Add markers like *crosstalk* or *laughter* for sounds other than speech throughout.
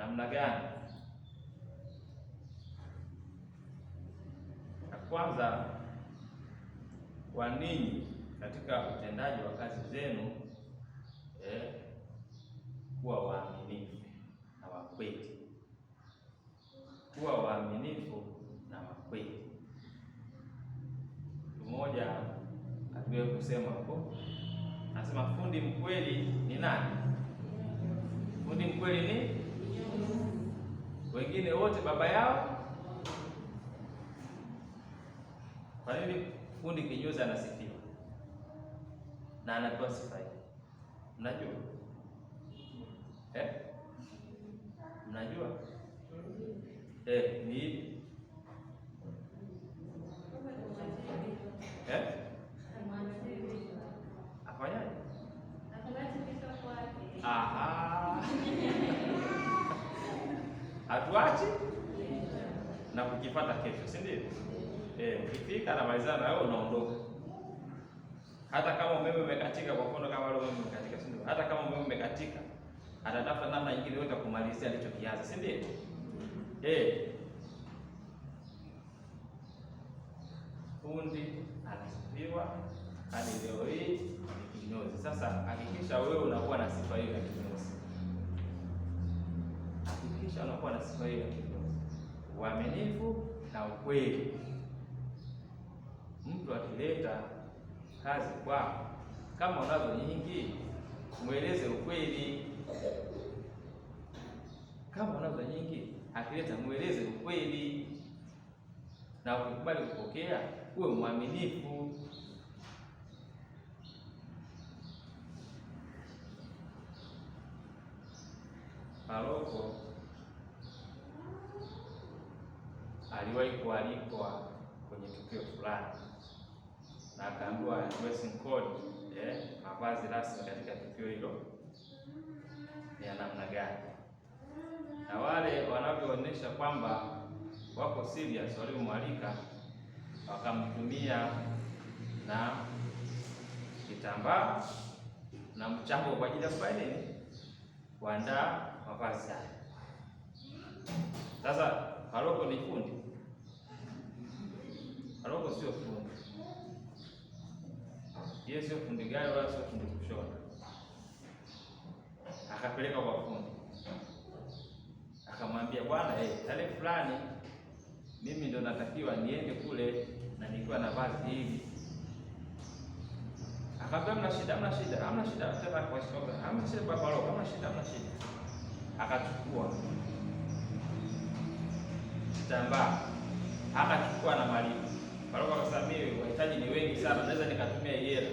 namna gani? Na kwanza, kwa nini katika utendaji wa kazi zenu eh, kuwa waaminifu na wakweli, kuwa waaminifu na wakweli. Mmoja aliwahi kusema huko anasema fundi mkweli ni nani? Fundi mkweli ni wengine wote baba yao. Kwa nini fundi kinyozi anasifiwa na anapewa sifa hii? Mnajua eh? Mnajua eh? ukikaa na na wewe unaondoka. Hata kama umeme umekatika, kwa mfano kama leo umeme umekatika, si ndio? Hata kama umeme umekatika, atatafuta namna nyingine yote kumalizia alichokianza, si ndio? Eh, fundi anasifiwa hadi leo hii ni kinyozi. Sasa hakikisha wewe unakuwa na sifa hiyo ya kinyozi, hakikisha unakuwa na sifa hiyo ya kinyozi, uaminifu na ukweli kuleta kazi kwako. Kama unazo nyingi, mweleze ukweli. Kama unazo nyingi, akileta mweleze ukweli, na ukikubali kupokea, uwe mwaminifu. Paroko aliwahi kualikwa kwenye tukio fulani na akaambiwa dressing code, eh, mavazi rasmi katika tukio hilo ni ya namna gani, na wale wanavyoonyesha kwamba wako serious waliomwalika wakamtumia na kitambaa na mchango kwa ajili ya kufanya nini? Kuandaa mavazi haya. Sasa paroko ni fundi, paroko sio fundi yeye sio fundi gari wala sio fundi kushona, akapeleka kwa fundi, akamwambia bwana, eh, tarehe fulani mimi ndo natakiwa niende kule na nikiwa na vazi hili. Akaambia hamna shida, hamna shida, hamna shida, kwa hamna shida baba roho, hamna shida, hamna shida. Akachukua kitambaa akachukua na Baroka, kwa sababu mimi wahitaji ni wengi sana, naweza nikatumia hela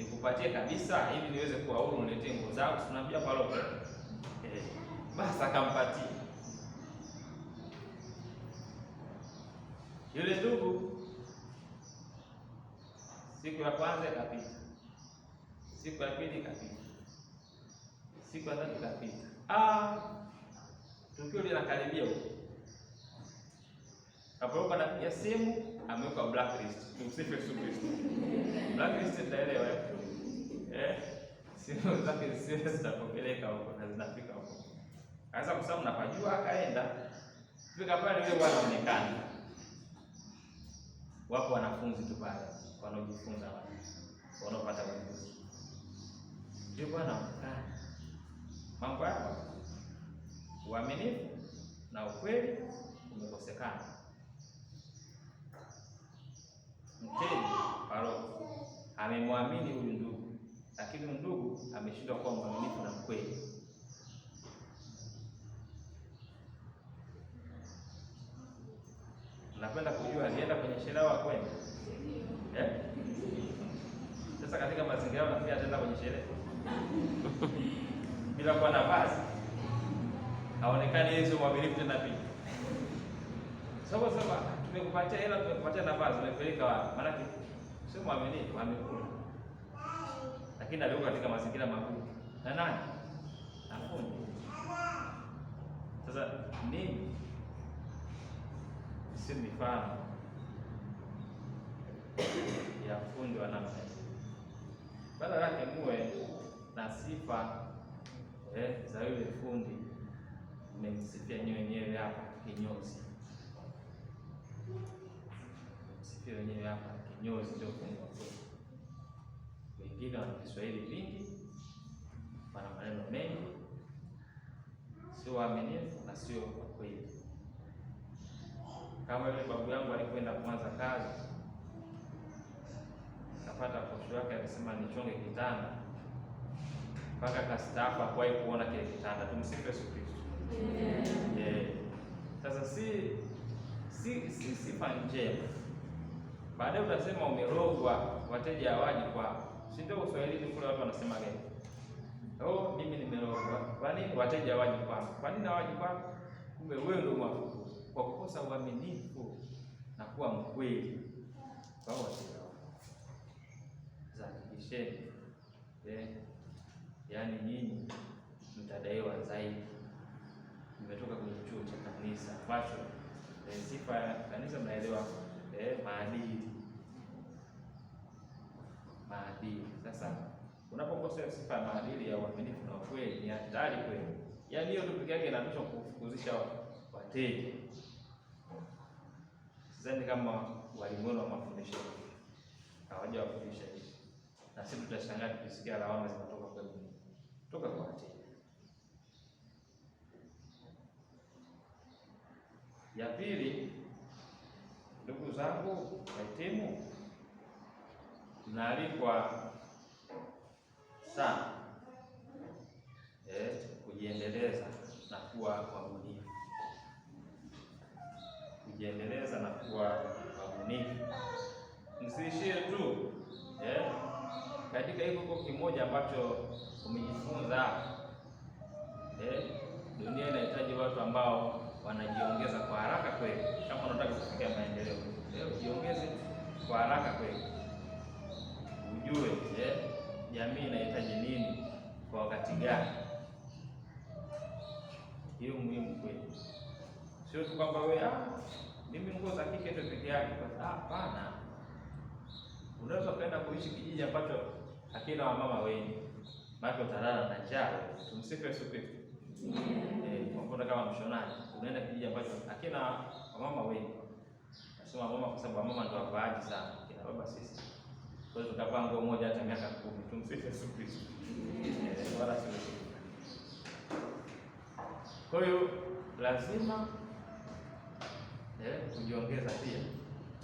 nikupatie kabisa ili niweze kuwa huru, nguo zangu, tunaambia palo eh, basi akampatia yule ndugu. Siku ya kwanza ikapita, siku ya pili ikapita, siku ya tatu ikapita, ah, tukio linakaribia huko hapo anapiga simu amewekwa blacklist. Tumsifu Yesu Kristo. Blacklist ndaelewa. Eh? Simu zake zile zitapokelewa huko na zinafika huko. Kaanza kwa sababu napajua akaenda. Fika pale yule bwana anaonekana. Wako wanafunzi tu pale wanaojifunza wale. Wanaopata ujuzi. Yule bwana anaonekana. Mambo yako. Uaminifu na ukweli umekosekana. wa roho. amemwamini huyu ndugu, lakini huyu ndugu ameshindwa kuwa mwaminifu na mkweli. Napenda kujua alienda kwenye sherehe au kwenda eh? sasa Katika mazingira nafikiri ataenda kwenye sherehe *laughs* bila kuwa nafasi, haonekani yeye sio mwaminifu tena pia sababu sababu tumekupatia hela, tumekupatia nafasi, tumepeleka wapi? Maana sio mwaminifu, amekula lakini alikuwa katika mazingira magumu na nani nafundi. Sasa nini si mifano ya fundi wa namna badala yake muwe na sifa eh, za yule fundi mmemsifia nyewe wenyewe hapa kinyozi sisi wenyewe hapa kinyozi ndio fungwa kwetu. Wengine wana Kiswahili vingi, wana maneno mengi, sio waaminifu na sio wakweli. Kama yule babu yangu alikwenda kuanza kazi, kapata posho yake, akasema nichonge kitanda mpaka kastaafu hakuwahi kuona kile kitanda. Tumsifu Yesu Kristo. Eh, sasa si si, si sifa njema. Baadaye utasema umerogwa, wateja hawaji kwako, si ndio? Uswahilini kule watu wanasema gani? oh, mimi nimerogwa. Kwani wateja hawaji kwako? Kwa nini hawaji kwako? Kumbe wewe ndio kwa kukosa uaminifu na kuwa mkweli kwa wateja wako. Zahirisheni eh, yaani nyinyi mtadaiwa zaidi. Nimetoka kwenye chuo cha kanisa ambacho sifa ya kanisa mnaelewa eh, maadili maadili. Sasa unapokosa sifa ya maadili ya uaminifu na ukweli, ni hatari kweli. Yaani hiyo peke yake inatosha kufukuzisha wateja. Sidhani kama walimwona mafundisho hawaja wafundisha hivi, na sisi tutashangaa tukisikia lawama zinatoka kwa toka kwa wateja. Ya pili, ndugu zangu wahitimu, tunaalikwa sana eh, kujiendeleza na kuwa wabunifu, kujiendeleza na kuwa wabunifu. Msiishie tu eh, katika hiko kimoja ambacho umejifunza eh, dunia inahitaji watu ambao wanajiongeza kwa haraka kweli. Kama unataka kufikia maendeleo leo, jiongeze kwa haraka kweli, ujue eh, jamii inahitaji nini kwa wakati gani. Hiyo muhimu kweli, sio tu kwamba wewe ah, mimi nguo za kike ndio peke yake. Hapana, unaweza ukaenda kuishi kijiji ambacho hakina wamama wengi, maana utalala na njaa. Tumsifu Yesu Kristo. Eh, kama mshonaji tunaenda kijiji ambacho akina wamama wengi, nasema wamama kwa sababu wamama ndio wavaaji sana, kina baba sisi kwa hiyo tukavaa nguo moja hata miaka kumi. Tumsifu Yesu Kristo, eh, wala sio kwa hiyo lazima eh, kujiongeza pia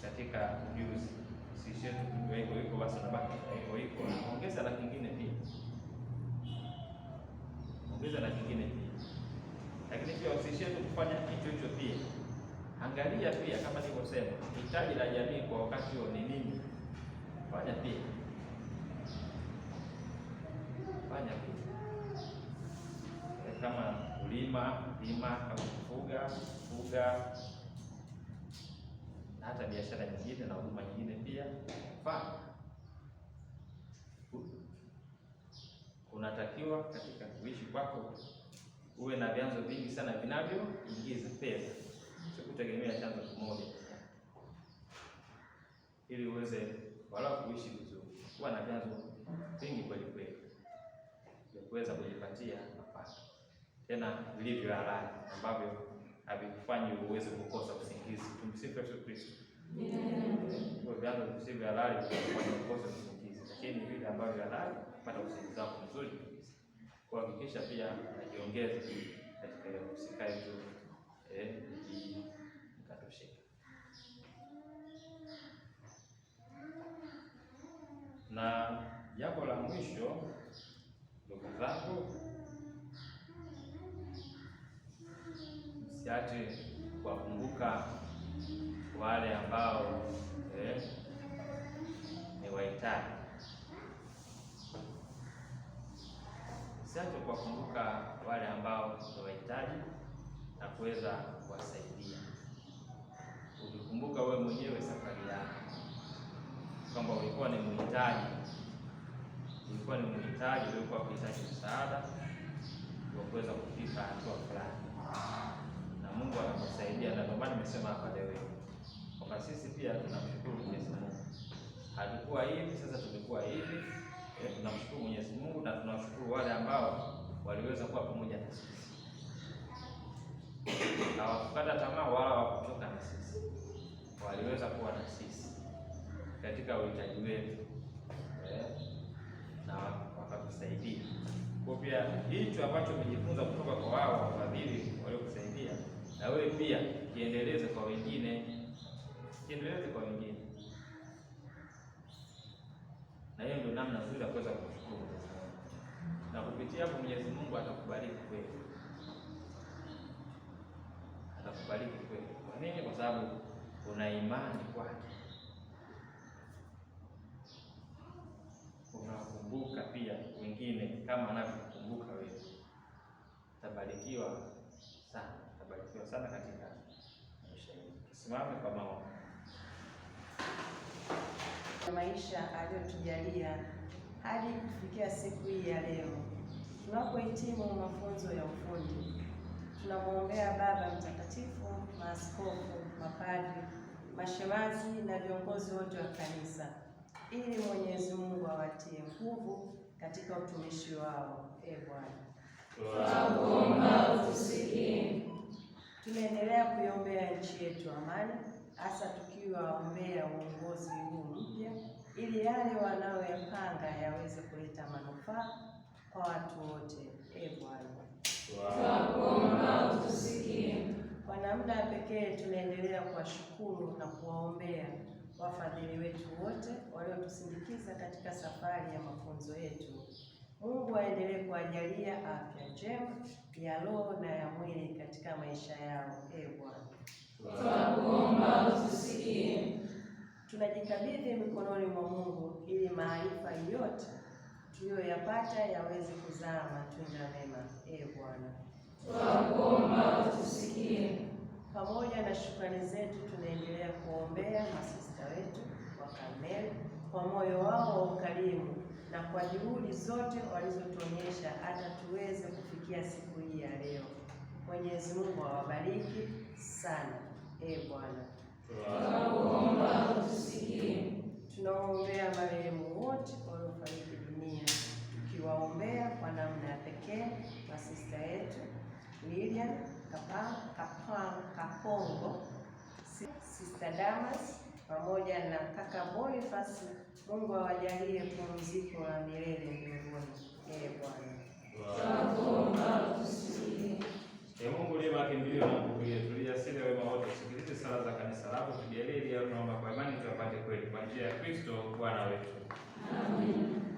katika ujuzi, usiishie tu hivyo hivyo basi unabaki hivyo hivyo, ongeza na kingine pia, ongeza na kingine pia lakini pia ofisi yetu kufanya kitu hicho pia. Angalia pia kama nilivyosema, hitaji la jamii kwa wakati huo ni nini? Fanya pia, fanya pia, eh, kama kulima lima, kama kufuga fuga, na hata biashara nyingine na huduma nyingine pia fanya. Unatakiwa katika kuishi kwako uwe na vyanzo vingi sana vinavyoingiza pesa, usikutegemea chanzo kimoja, ili uweze walau kuishi vizuri. Kuwa na vyanzo vingi kweli kweli vya kuweza kujipatia mapato, tena vilivyo halali, ambavyo havikufanyi uweze kukosa usingizi. Tumsifu Yesu Kristo. Hivyo vyanzo visivyo halali vinakufanya ukose usingizi, lakini vile ambavyo halali pata usingizi wako mzuri kabisa kuhakikisha pia najiongeza katika hiyo, usikae tu eh, nikatosheka. Na jambo la mwisho, ndugu zangu, msiache kuwakumbuka wale ambao eh, ni wahitaji sasa kuwakumbuka wale ambao ni wahitaji na kuweza kuwasaidia. Ukikumbuka wewe mwenyewe safari yako kwamba ulikuwa ni mhitaji, ulikuwa ni mhitaji, ulikuwa kuhitaji msaada wa kuweza kufika hatua fulani, na Mungu anakusaidia. Na ndio maana nimesema hapa leo kwamba sisi pia tunamshukuru Mwenyezi Mungu, hatukuwa hivi, sasa tumekuwa hivi Eh, tunamshukuru Mwenyezi Mungu na tunawashukuru wale ambao waliweza kuwa pamoja na sisi, hawakukata tamaa wala wakutoka na sisi, waliweza kuwa na sisi katika uhitaji wetu eh, na wakatusaidia kwa pia hicho ambacho umejifunza kutoka kwa wao wafadhili waliokusaidia, na wewe pia kiendeleze kwa wengine, kiendeleze kwa wengine. namna nzuri ya kuweza kumshukuru Mwenyezi Mungu, na kupitia hapo Mwenyezi Mungu atakubariki kweli, atakubariki kweli. Kwa nini? Kwa sababu una imani kwake, unakumbuka pia wengine kama anavyokumbuka wewe. Utabarikiwa sana, utabarikiwa sana katika maisha yako. Tusimame kwa maombi maisha aliyotujalia hadi kufikia siku hii ya leo tunapohitimu mafunzo ya ufundi. Tunamwombea Baba Mtakatifu, maaskofu, mapadri, mashemazi na viongozi wote wa kanisa ili Mwenyezi Mungu awatie nguvu katika utumishi wao. E Bwana, tunakuomba utusikie. Tunaendelea kuiombea nchi yetu amani, hasa tukiwaombea uongozi huu mpya, ili yale wanayoyapanga yaweze kuleta manufaa kwa watu wote. E Bwana, tunakuomba utusikie. Kwa namna pekee tunaendelea kuwashukuru na kuwaombea wafadhili wetu wote waliotusindikiza katika safari ya mafunzo yetu. Mungu aendelee kuwajalia afya njema ya roho na ya mwili katika maisha yao. E Bwana, tunakuomba utusikie. Tunajikabidhi mikononi mwa Mungu ili maarifa yote tuliyoyapata yaweze kuzaa matunda mema. E Bwana, tunakuomba utusikie. Pamoja na shukrani zetu, tunaendelea kuombea masista wetu wa Karmeli kwa moyo wao wa ukarimu na kwa juhudi zote walizotuonyesha hata tuweze kufikia siku hii ya leo. Mwenyezi Mungu awabariki sana. e Bwana, tunaomba tusikie. Tunaombea marehemu wote waliofariki dunia, tukiwaombea kwa namna ya pekee masista yetu Lilian Kapongo, sista Damas pamoja na kaka Bonifasi. Mungu awajalie pumziko la milele mbinguni. Ee Bwana, Ee Mungu liye makimbilio na nguvu yetu, tuliasili wema wote, usikilize sala za kanisa lako, tujalie ili tunaomba kwa imani, tuyapate kweli kwa njia ya Kristo Bwana wetu. Amen.